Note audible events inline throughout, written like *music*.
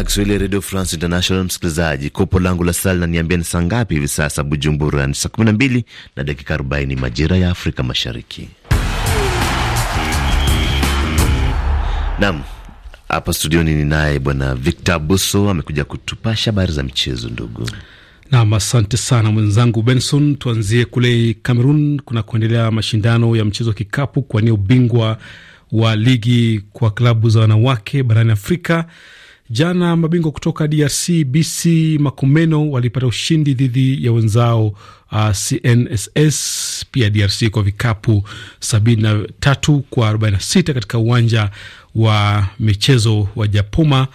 idhaa Kiswahili Radio France International. Msikilizaji, kopo langu la sala naniambia ni saa ngapi hivi sasa? Bujumbura ni saa 12 na dakika 40 majira ya Afrika Mashariki. Naam, hapa studioni ni naye bwana Victor Buso amekuja kutupasha habari za michezo. Ndugu nam, asante sana mwenzangu Benson. Tuanzie kule Cameroon kuna kuendelea mashindano ya mchezo wa kikapu kuwania ubingwa wa ligi kwa klabu za wanawake barani Afrika. Jana mabingwa kutoka DRC BC Makumeno walipata ushindi dhidi ya wenzao uh, CNSS pia DRC kwa vikapu 73 kwa 46 katika uwanja wa michezo wa Japoma.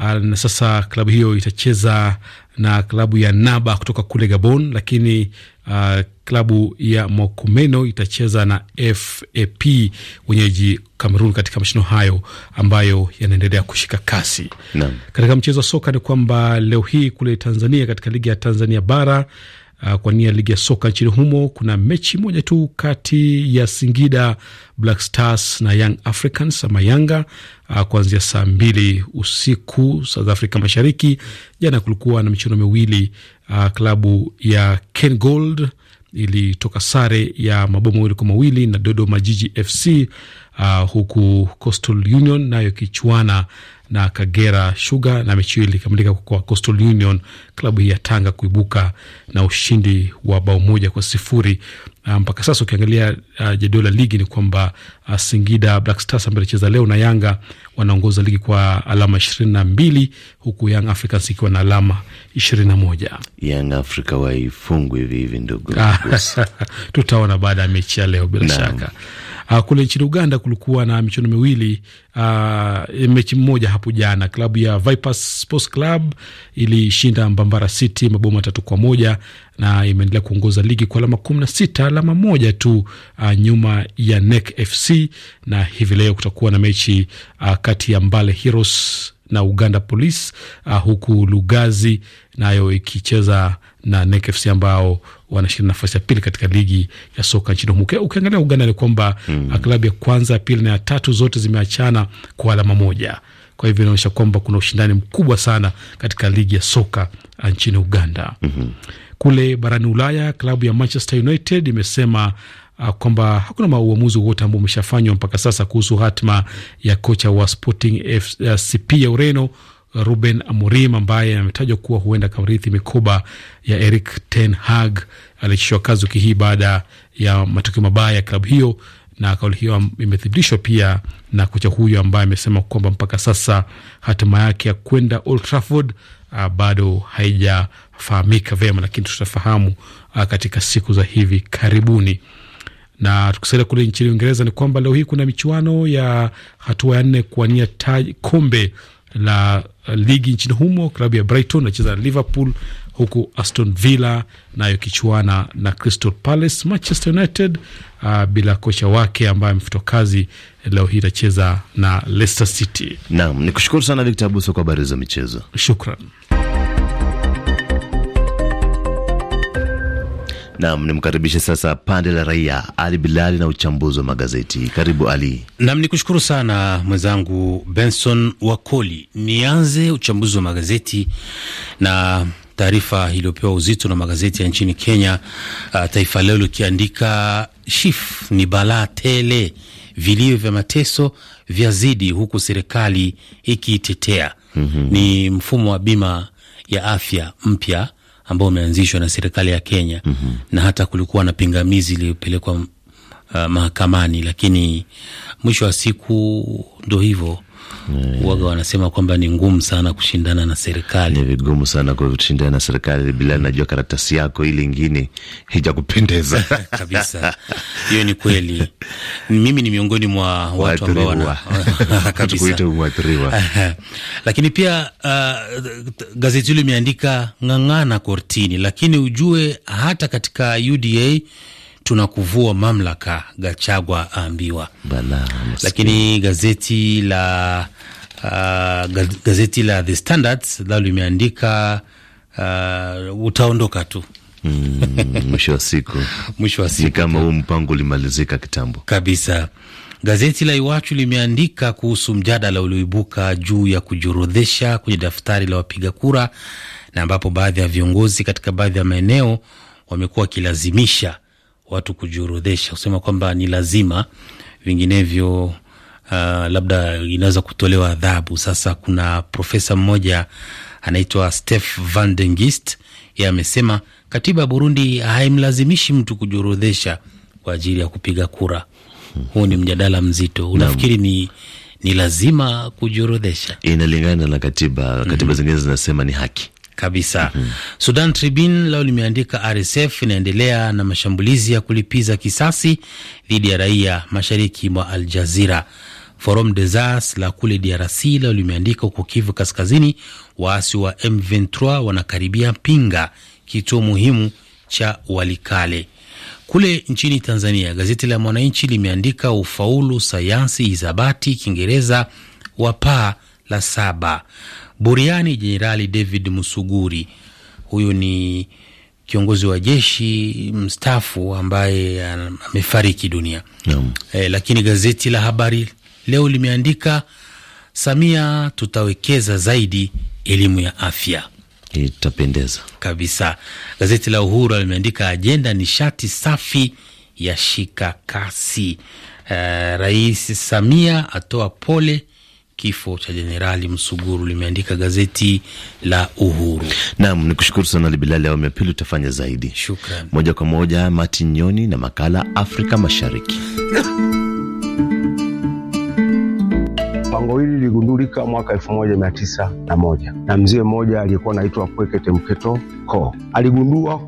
Uh, na sasa klabu hiyo itacheza na klabu ya Naba kutoka kule Gabon, lakini uh, klabu ya Mokumeno itacheza na FAP wenyeji Kamerun katika mashindano hayo ambayo yanaendelea kushika kasi na. Katika mchezo wa soka ni kwamba leo hii kule Tanzania katika ligi ya Tanzania bara Uh, kwa nia ligi ya soka nchini humo kuna mechi moja tu kati ya Singida Black Stars na Young Africans ama Yanga Ah, kuanzia saa mbili usiku South Africa Mashariki. Jana kulikuwa na michuano miwili uh, klabu ya Ken Gold ilitoka sare ya mabomo mawili kwa mawili na Dodoma Jiji FC uh, ah, huku Coastal Union nayo ikichuana na Kagera Sugar, na mechi hiyo ilikamilika kwa Coastal Union klabu hii ya Tanga kuibuka na ushindi wa bao moja kwa sifuri. Ah, mpaka sasa ukiangalia uh, ah, jedwali la ligi ni kwamba uh, Singida Black Stars ambaye alicheza leo na Yanga wanaongoza ligi kwa alama ishirini na mbili huku Young Africans ikiwa na alama ishirini na moja. Young Africa waifungwe hivi hivi, ndugu, *laughs* tutaona baada ya mechi ya leo bila shaka. Uh, kule nchini Uganda kulikuwa na michuano miwili uh, mechi mmoja hapo jana, klabu ya Vipers Sports Club ilishinda Mbambara City mabao matatu kwa moja na imeendelea kuongoza ligi kwa alama kumi na sita, alama moja tu uh, nyuma ya NEC FC, na hivi leo kutakuwa na mechi uh, kati ya Mbale Heroes na Uganda Police uh, huku Lugazi nayo na ikicheza na NEC FC ambao wanashinda nafasi ya pili katika ligi ya soka nchini humo. Ukiangalia Uganda ni kwamba mm. klabu ya kwanza, ya pili na ya tatu zote zimeachana kwa alama moja. Kwa hivyo inaonyesha kwamba kuna ushindani mkubwa sana katika ligi ya soka nchini Uganda. mm -hmm. Kule barani Ulaya, klabu ya Manchester United imesema uh, kwamba hakuna uamuzi wowote ambao umeshafanywa mpaka sasa kuhusu hatma ya kocha wa Sporting cp ya Ureno Ruben Amorim ambaye ametajwa kuwa huenda kamrithi mikoba ya Eric ten Hag aliachishwa kazi wiki hii baada ya matokeo mabaya ya klabu hiyo, na kauli hiyo imethibitishwa pia na kocha huyo ambaye amesema kwamba mpaka sasa hatima yake ya kwenda Old Trafford a, ah, bado haijafahamika vyema, lakini tutafahamu uh, katika siku za hivi karibuni na tukisalia kule nchini Uingereza ni kwamba leo hii kuna michuano ya hatua ya nne kuwania kombe la ligi nchini humo, klabu ya Brighton inacheza na Liverpool, huku Aston Villa nayo kichuana na Crystal Palace. Manchester United uh, bila kocha wake ambaye amefutwa kazi leo hii itacheza na Leicester City. Naam, ni kushukuru sana Victor Abuso kwa habari za michezo, shukran. Nam, nimkaribishe sasa pande la raia Ali Bilali na uchambuzi wa magazeti. Karibu Ali. Nam, ni kushukuru sana mwenzangu Benson Wakoli. Nianze uchambuzi wa magazeti na taarifa iliyopewa uzito na magazeti ya nchini Kenya. Uh, Taifa Leo likiandika shif ni balaa tele, vilio vya mateso vyazidi, huku serikali ikiitetea. mm -hmm. Ni mfumo wa bima ya afya mpya ambao umeanzishwa na serikali ya Kenya mm -hmm. na hata kulikuwa na pingamizi iliyopelekwa uh, mahakamani, lakini mwisho wa siku ndo hivyo waga eh. wanasema kwamba ni ngumu sana kushindana na serikali, ni vigumu sana kushindana na serikali bila, najua karatasi yako ile ingine hijakupendeza *laughs* kabisa. Hiyo ni kweli, mimi ni miongoni mwa watu ambao wana *laughs* kabisa mwathiriwa. *laughs* Lakini pia uh, gazeti hilo imeandika ng'ang'ana kortini, lakini ujue hata katika UDA tunakuvua mamlaka, Gachagwa aambiwa Lakini gazeti la uh, gazeti la The Standard lao limeandika uh, utaondoka tu mm, *laughs* mwisho mm, wa siku mwisho wa siku ni kama huu mpango ulimalizika kitambo kabisa. Gazeti la Iwachu limeandika kuhusu mjadala ulioibuka juu ya kujiorodhesha kwenye daftari la wapiga kura, na ambapo baadhi ya viongozi katika baadhi ya maeneo wamekuwa wakilazimisha watu kujiorodhesha, kusema kwamba ni lazima, vinginevyo uh, labda inaweza kutolewa adhabu. Sasa kuna profesa mmoja anaitwa Stef Van Den yeye amesema katiba ya Burundi haimlazimishi mtu kujiorodhesha kwa ajili ya kupiga kura. Huu ni mjadala mzito, unafikiri ni ni lazima kujiorodhesha? Inalingana na katiba. Katiba mm -hmm. zingine zinasema ni haki kabisa. mm -hmm. Sudan Tribune leo limeandika RSF inaendelea na mashambulizi ya kulipiza kisasi dhidi ya raia mashariki mwa Al Jazira. Forum des As la kule DRC leo limeandika huko Kivu Kaskazini, waasi wa M23 wanakaribia Pinga, kituo muhimu cha Walikale. Kule nchini Tanzania, gazeti la Mwananchi limeandika ufaulu sayansi, hisabati, Kiingereza wa paa la saba Buriani Jenerali David Musuguri, huyu ni kiongozi wa jeshi mstaafu ambaye amefariki dunia mm. E, lakini gazeti la Habari Leo limeandika Samia, tutawekeza zaidi elimu ya afya itapendeza kabisa. Gazeti la Uhuru limeandika ajenda nishati safi ya shika kasi. Uh, Rais Samia atoa pole kifo cha Jenerali Msuguru, limeandika gazeti la Uhuru. Naam, ni kushukuru sana Libilali. Awamu ya pili utafanya zaidi. Shukran. Moja kwa moja Martin Nyoni na makala Afrika Mashariki. Pango hili liligundulika mwaka elfu moja mia tisa na moja na mzee mmoja aliyekuwa anaitwa Kwekete Mketo Ko. Aligundua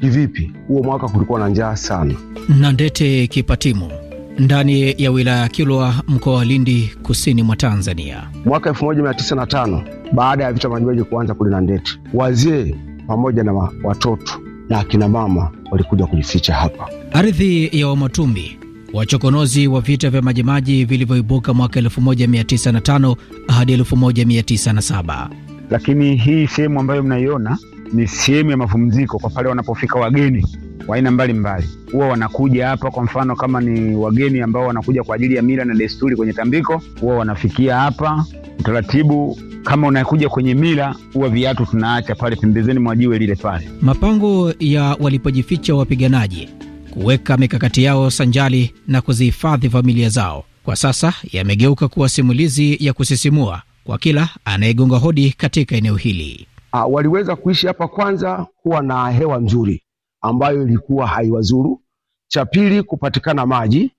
kivipi? Huo mwaka kulikuwa na njaa sana. Nandete Kipatimo ndani ya wilaya ya Kilwa mkoa wa Lindi kusini mwa Tanzania. Mwaka 1905 baada ya vita Majimaji kuanza na ndeti wazee pamoja na watoto na akina mama walikuja kujificha hapa. Ardhi ya Wamatumbi, wachokonozi wa vita vya Majimaji vilivyoibuka mwaka 1905 hadi 1907. Lakini hii sehemu ambayo mnaiona ni sehemu ya mapumziko kwa pale wanapofika wageni wa aina mbalimbali huwa wanakuja hapa. Kwa mfano kama ni wageni ambao wanakuja kwa ajili ya mila na desturi kwenye tambiko, huwa wanafikia hapa. Utaratibu kama unakuja kwenye mila, huwa viatu tunaacha pale pembezeni mwa jiwe lile pale. Mapango ya walipojificha wapiganaji kuweka mikakati yao sanjali na kuzihifadhi familia zao, kwa sasa yamegeuka kuwa simulizi ya kusisimua kwa kila anayegonga hodi katika eneo hili. Ah, waliweza kuishi hapa, kwanza kuwa na hewa nzuri ambayo ilikuwa haiwazuru. Cha pili, kupatikana maji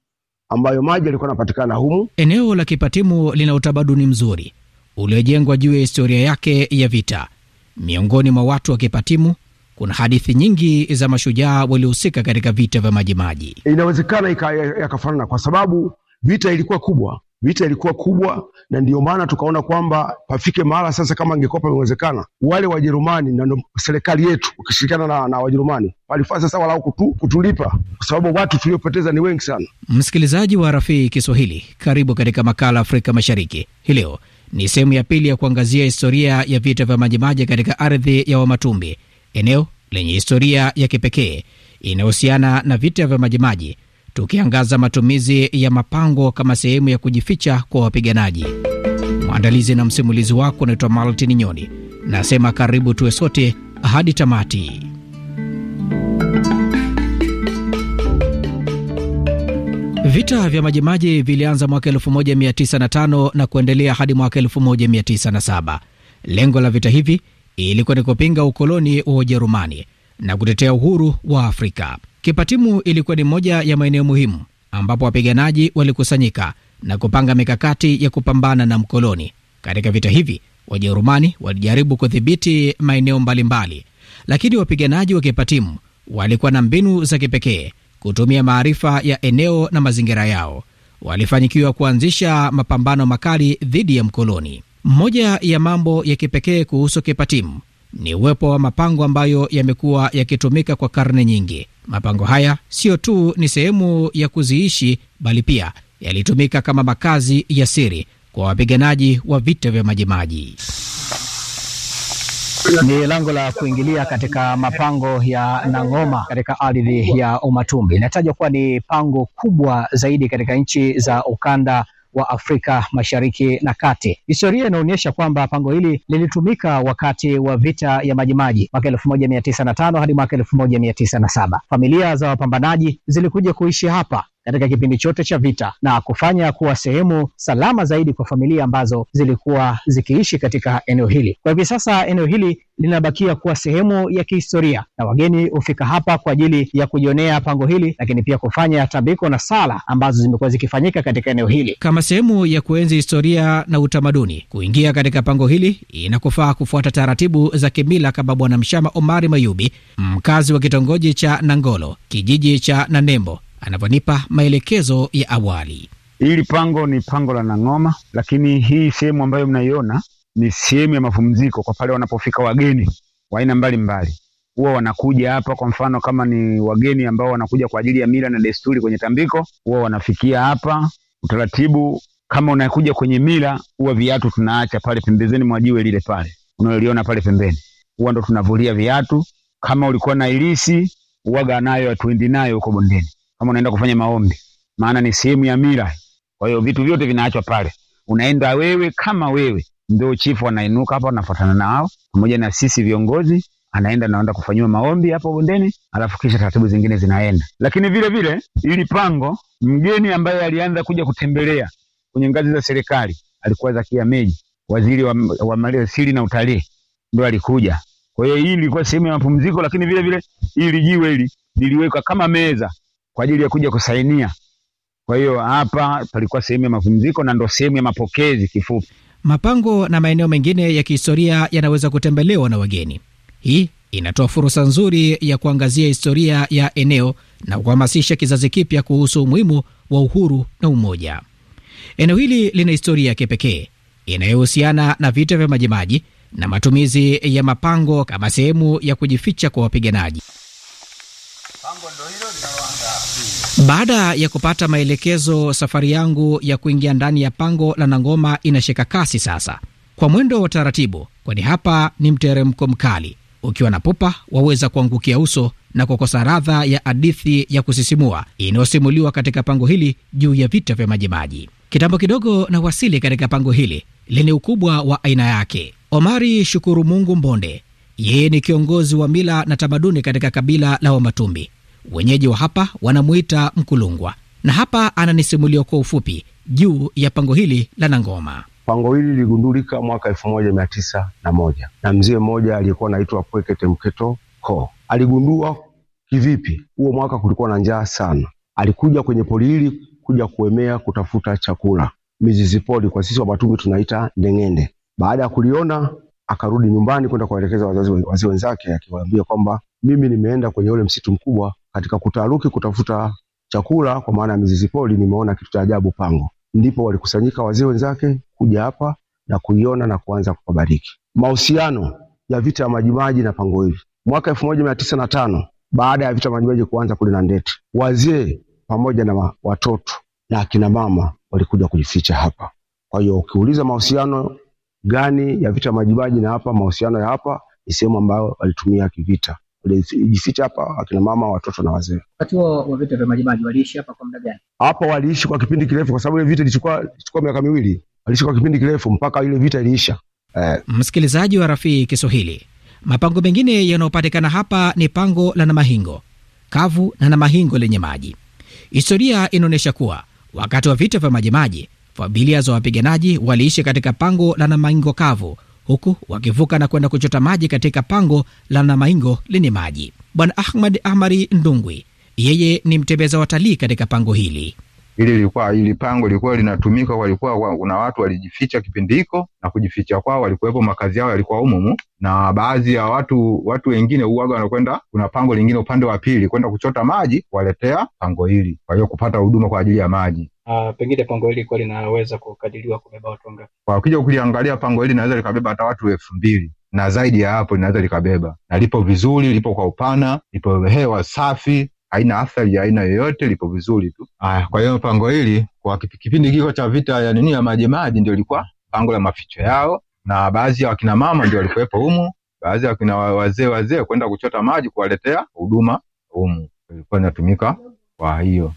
ambayo maji yalikuwa yanapatikana humu. Eneo la Kipatimu lina utamaduni mzuri uliojengwa juu ya historia yake ya vita. Miongoni mwa watu wa Kipatimu kuna hadithi nyingi za mashujaa waliohusika katika vita vya Majimaji. Inawezekana yakafanana, kwa sababu vita ilikuwa kubwa Vita ilikuwa kubwa, na ndio maana tukaona kwamba pafike mahala sasa, kama angekuwa pamewezekana wale Wajerumani na serikali yetu wakishirikiana na, na Wajerumani walifaa sasa walau kutu, kutulipa kwa sababu watu tuliopoteza ni wengi sana. Msikilizaji wa Rafii Kiswahili, karibu katika makala Afrika Mashariki hii leo. Ni sehemu ya pili ya kuangazia historia ya vita vya Majimaji katika ardhi ya Wamatumbi, eneo lenye historia ya kipekee inayohusiana na vita vya Majimaji tukiangaza matumizi ya mapango kama sehemu ya kujificha kwa wapiganaji. Mwandalizi na msimulizi wako unaitwa Maltin Nyoni, nasema karibu tuwe sote hadi tamati. Vita vya Majimaji vilianza mwaka 1905 na kuendelea hadi mwaka 1907. Lengo la vita hivi ilikuwa ni kupinga ukoloni wa Ujerumani na kutetea uhuru wa Afrika. Kipatimu ilikuwa ni moja ya maeneo muhimu ambapo wapiganaji walikusanyika na kupanga mikakati ya kupambana na mkoloni. Katika vita hivi, Wajerumani walijaribu kudhibiti maeneo mbalimbali, lakini wapiganaji wa Kipatimu walikuwa na mbinu za kipekee kutumia maarifa ya eneo na mazingira yao. Walifanikiwa kuanzisha mapambano makali dhidi ya mkoloni. Moja ya mambo ya kipekee kuhusu Kipatimu ni uwepo wa mapango ambayo yamekuwa yakitumika kwa karne nyingi. Mapango haya sio tu ni sehemu ya kuziishi, bali pia yalitumika kama makazi ya siri kwa wapiganaji wa vita vya Majimaji. Ni lango la kuingilia katika mapango ya Nang'oma katika ardhi ya Umatumbi. Inatajwa kuwa ni pango kubwa zaidi katika nchi za ukanda wa Afrika Mashariki na Kati. Historia inaonyesha kwamba pango hili lilitumika wakati wa vita ya Majimaji mwaka elfu moja mia tisa na tano hadi mwaka elfu moja mia tisa na saba. Familia za wapambanaji zilikuja kuishi hapa katika kipindi chote cha vita na kufanya kuwa sehemu salama zaidi kwa familia ambazo zilikuwa zikiishi katika eneo hili. Kwa hivi sasa eneo hili linabakia kuwa sehemu ya kihistoria na wageni hufika hapa kwa ajili ya kujionea pango hili, lakini pia kufanya tambiko na sala ambazo zimekuwa zikifanyika katika eneo hili kama sehemu ya kuenzi historia na utamaduni. Kuingia katika pango hili inakufaa kufuata taratibu za kimila, kama Bwana Mshama Omari Mayubi, mkazi wa kitongoji cha Nangolo, kijiji cha Nanembo anavyonipa maelekezo ya awali. Hili pango ni pango la Nang'oma, lakini hii sehemu ambayo mnaiona ni sehemu ya mapumziko kwa pale wanapofika wageni wa aina mbalimbali huwa wanakuja hapa. Kwa mfano kama ni wageni ambao wanakuja kwa ajili ya mila na desturi kwenye tambiko, huwa wanafikia hapa. Utaratibu kama unakuja kwenye mila, huwa viatu tunaacha pale pembezeni mwa jiwe lile pale unaoliona pale pembeni, huwa ndo tunavulia viatu. Kama ulikuwa na ilisi, uwaga nayo atuendi nayo huko bondeni kama unaenda kufanya maombi, maana ni sehemu ya mila. Kwa hiyo vitu vyote vinaachwa pale, unaenda wewe kama wewe. Ndio chifu anainuka hapa, anafuatana nao pamoja na sisi viongozi, anaenda naenda kufanyiwa maombi hapo bondeni, alafu kisha taratibu zingine zinaenda. Lakini vile vile ili pango, mgeni ambaye alianza kuja kutembelea kwenye ngazi za serikali alikuwa Zakia Meji, waziri wa, wa mali asili na utalii, ndio alikuja. Kwa hiyo hii ilikuwa sehemu ya mapumziko, lakini vile vile ili jiwe hili liliwekwa kama meza kwa ajili ya kuja kusainia. Kwa hiyo hapa palikuwa sehemu ya mapumziko na ndo sehemu ya mapokezi kifupi. Mapango na maeneo mengine ya kihistoria yanaweza kutembelewa na wageni. Hii inatoa fursa nzuri ya kuangazia historia ya eneo na kuhamasisha kizazi kipya kuhusu umuhimu wa uhuru na umoja. Eneo hili lina historia ya kipekee inayohusiana na vita vya Majimaji na matumizi ya mapango kama sehemu ya kujificha kwa wapiganaji. Baada ya kupata maelekezo, safari yangu ya kuingia ndani ya pango la Nangoma inashika kasi sasa, kwa mwendo wa taratibu, kwani hapa ni mteremko mkali. Ukiwa na pupa waweza kuangukia uso na kukosa radha ya hadithi ya kusisimua inayosimuliwa katika pango hili juu ya vita vya Majimaji. Kitambo kidogo na wasili katika pango hili lenye ukubwa wa aina yake. Omari Shukuru Mungu Mbonde, yeye ni kiongozi wa mila na tamaduni katika kabila la Wamatumbi. Wenyeji wa hapa wanamuita Mkulungwa, na hapa ananisimulia kwa ufupi juu ya pango hili la Nangoma. Pango hili liligundulika mwaka elfu moja mia tisa na moja na mzee mmoja aliyekuwa anaitwa Pwekete Mketo Ko. Aligundua kivipi? Huo mwaka kulikuwa na njaa sana, alikuja kwenye poli hili kuja kuemea kutafuta chakula, mizizi poli kwa sisi matumbi tunaita ndengende. Baada ya kuliona akarudi nyumbani kwenda kuwaelekeza wazazi wazee wenzake, akiwaambia kwamba mimi nimeenda kwenye ule msitu mkubwa katika kutaruki kutafuta chakula kwa maana ya mizizi poli, nimeona kitu cha ajabu pango. Ndipo walikusanyika wazee wenzake kuja hapa na kuiona na kuanza kubariki. Mahusiano ya vita ya Majimaji na pango hivi, mwaka elfu moja mia tisa na tano baada ya vita Majimaji kuanza kule na Ndeti, wazee pamoja na watoto na akina mama walikuja kujificha hapa. Kwa hiyo ukiuliza mahusiano gani ya vita Majimaji na hapa, mahusiano ya hapa ni sehemu ambayo walitumia kivita walijificha hapa, akina mama, watoto na wazee. Wakati wa vita vya Majimaji waliishi hapa kwa muda gani? Hapa waliishi kwa kipindi kirefu, kwa sababu ile vita ilichukua ilichukua miaka miwili, waliishi kwa kipindi kirefu mpaka ile vita iliisha. Eh. Msikilizaji wa rafiki Kiswahili, mapango mengine yanayopatikana hapa ni pango la Namahingo kavu na Namahingo lenye maji. Historia inaonyesha kuwa wakati wa vita vya Majimaji familia za wapiganaji waliishi katika pango la Namahingo kavu huku wakivuka na kwenda kuchota maji katika pango la Namaingo lenye maji. Bwana Ahmad Ahmari Ndungwi, yeye ni mtembeza watalii katika pango hili. Hili lilikuwa hili pango lilikuwa linatumika, walikuwa kuna watu walijificha kipindi hiko, na kujificha kwao walikuwepo, makazi yao yalikuwa umumu, na baadhi ya watu watu wengine uwaga wanakwenda, kuna pango lingine upande wa pili kwenda kuchota maji, waletea pango hili, kwa hiyo kupata huduma kwa ajili ya maji. Uh, pengine pango hili kwa linaweza kukadiriwa kubeba watu wangapi? Kwa ukija kuliangalia pango hili linaweza likabeba hata watu elfu mbili na zaidi ya hapo linaweza likabeba, na lipo vizuri, lipo kwa upana, lipo hewa safi, haina athari ya aina yoyote, lipo vizuri tu. Aya, kwa hiyo pango hili kwa kipindi kiko cha vita ya nini ya Majimaji ndio ilikuwa pango la maficho yao, na baadhi ya wakina mama ndio walikuwepo humu, baadhi ya wakina wazee wazee kwenda kuchota maji kuwaletea huduma humu, ilikuwa inatumika kwa hiyo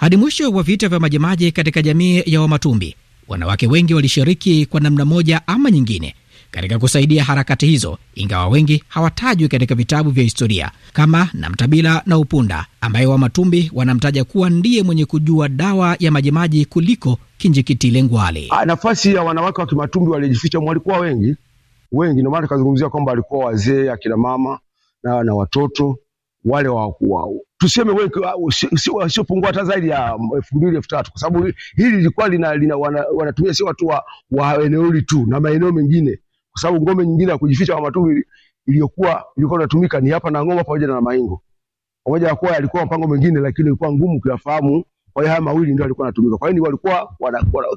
hadi mwisho wa vita vya Majimaji katika jamii ya Wamatumbi, wanawake wengi walishiriki kwa namna moja ama nyingine katika kusaidia harakati hizo, ingawa wengi hawatajwi katika vitabu vya historia kama Namtabila na Upunda ambaye Wamatumbi wanamtaja kuwa ndiye mwenye kujua dawa ya Majimaji kuliko Kinjikitile Ngwale. Ah, nafasi ya wanawake wa Kimatumbi waliojificha walikuwa wengi wengi, ndio maana tukazungumzia kwamba walikuwa wazee, akina mama na, na watoto wale wa, wa, tuseme wewe wasiopungua ah, ah, hata zaidi ya mm, elfu mbili elfu tatu kwa sababu hili lilikuwa lina, lina wanatumia wana sio watu wa, wa eneo hili tu na maeneo mengine, kwa sababu ngome nyingine ya kujificha kwa matumbi iliyokuwa ilikuwa inatumika ni hapa na ngoma pamoja na Maingo, pamoja na kuwa yalikuwa mpango mwingine, lakini ilikuwa ngumu kuyafahamu. Kwa hiyo haya mawili ndio yalikuwa yanatumika, kwa hiyo walikuwa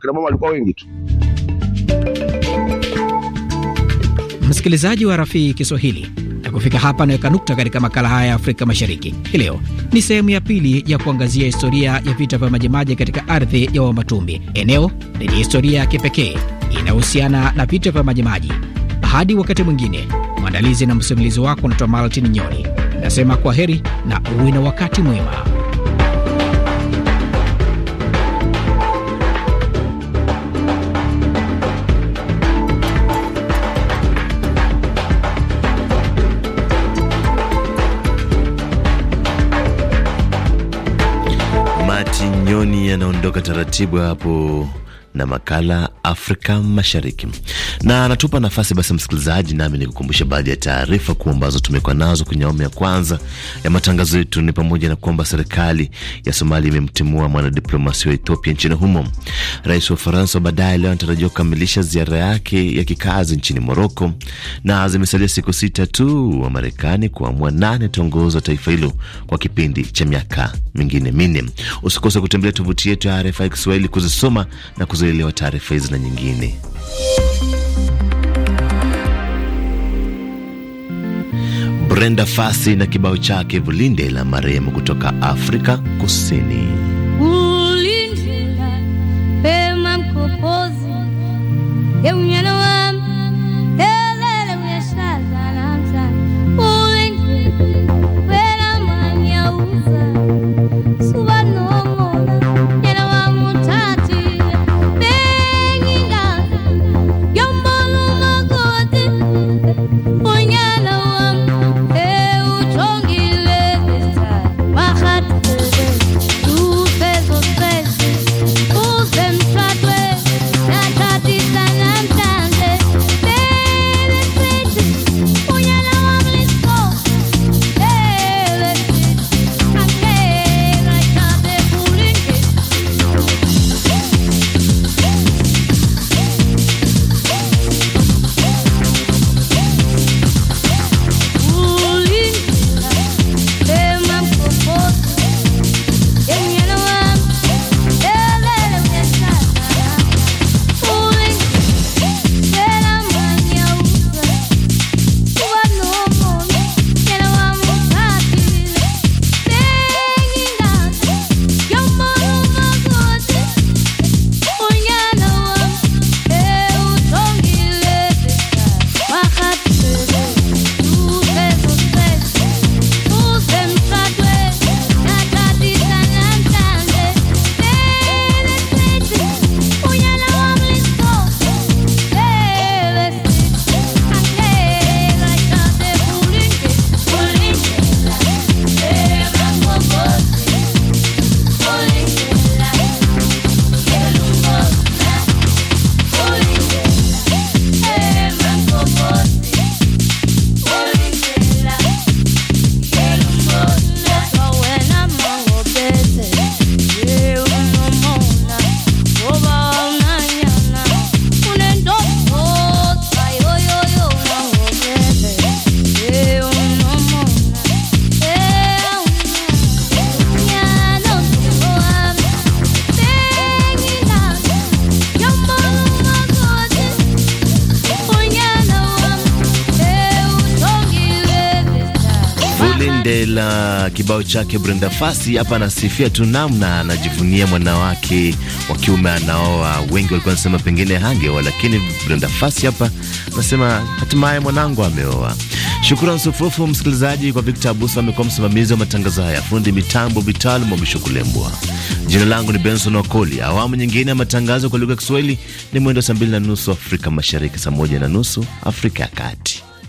kina mama walikuwa wengi tu. Msikilizaji wa Rafii Kiswahili kufika hapa anaweka nukta katika makala haya ya Afrika Mashariki hii leo. Ni sehemu ya pili ya kuangazia historia ya vita vya Majimaji katika ardhi ya Wamatumbi, eneo lenye historia ya kipekee inayohusiana na vita vya Majimaji. Hadi wakati mwingine, mwandalizi na msimulizi wako unatoa Maltin Nyoni, nasema kwa heri na uwe na wakati mwema. yanaondoka taratibu hapo na makala Afrika Mashariki, na anatupa nafasi basi msikilizaji, nami nikukumbusha baadhi ya taarifa kuu ambazo tumekuwa nazo kwenye awamu ya kwanza ya matangazo yetu. Ni pamoja na kwamba serikali ya Somalia imemtimua mwanadiplomasia wa Ethiopia nchini humo. Rais wa Ufaransa baadaye leo anatarajiwa kukamilisha ziara yake ya kikazi nchini Moroko, na zimesalia siku sita tu wa Marekani kuamua nane tongozi taifa hilo kwa kipindi cha miaka mingine minne. Usikose kutembelea tovuti yetu ya RFI Kiswahili kuzisoma na kuzisoma uzielewa taarifa hizi na nyingine. Brenda Fasi na kibao chake Vulinde la marehemu kutoka Afrika Kusini. Mandela, kibao chake Brenda Fasi. Hapa anasifia tu namna anajivunia mwanawake wa kiume anaoa. Wengi walikuwa wanasema pengine hangeoa, lakini Brenda Fasi hapa anasema hatimaye mwanangu ameoa. Shukrani sufufu msikilizaji kwa Victor Abuso, amekuwa msimamizi wa matangazo haya, fundi mitambo Vital Mwabishukulembwa. Jina langu ni Benson Wakoli. Awamu nyingine ya matangazo kwa lugha ya Kiswahili ni mwendo wa saa mbili na nusu Afrika Mashariki, saa moja na nusu Afrika ya Kati.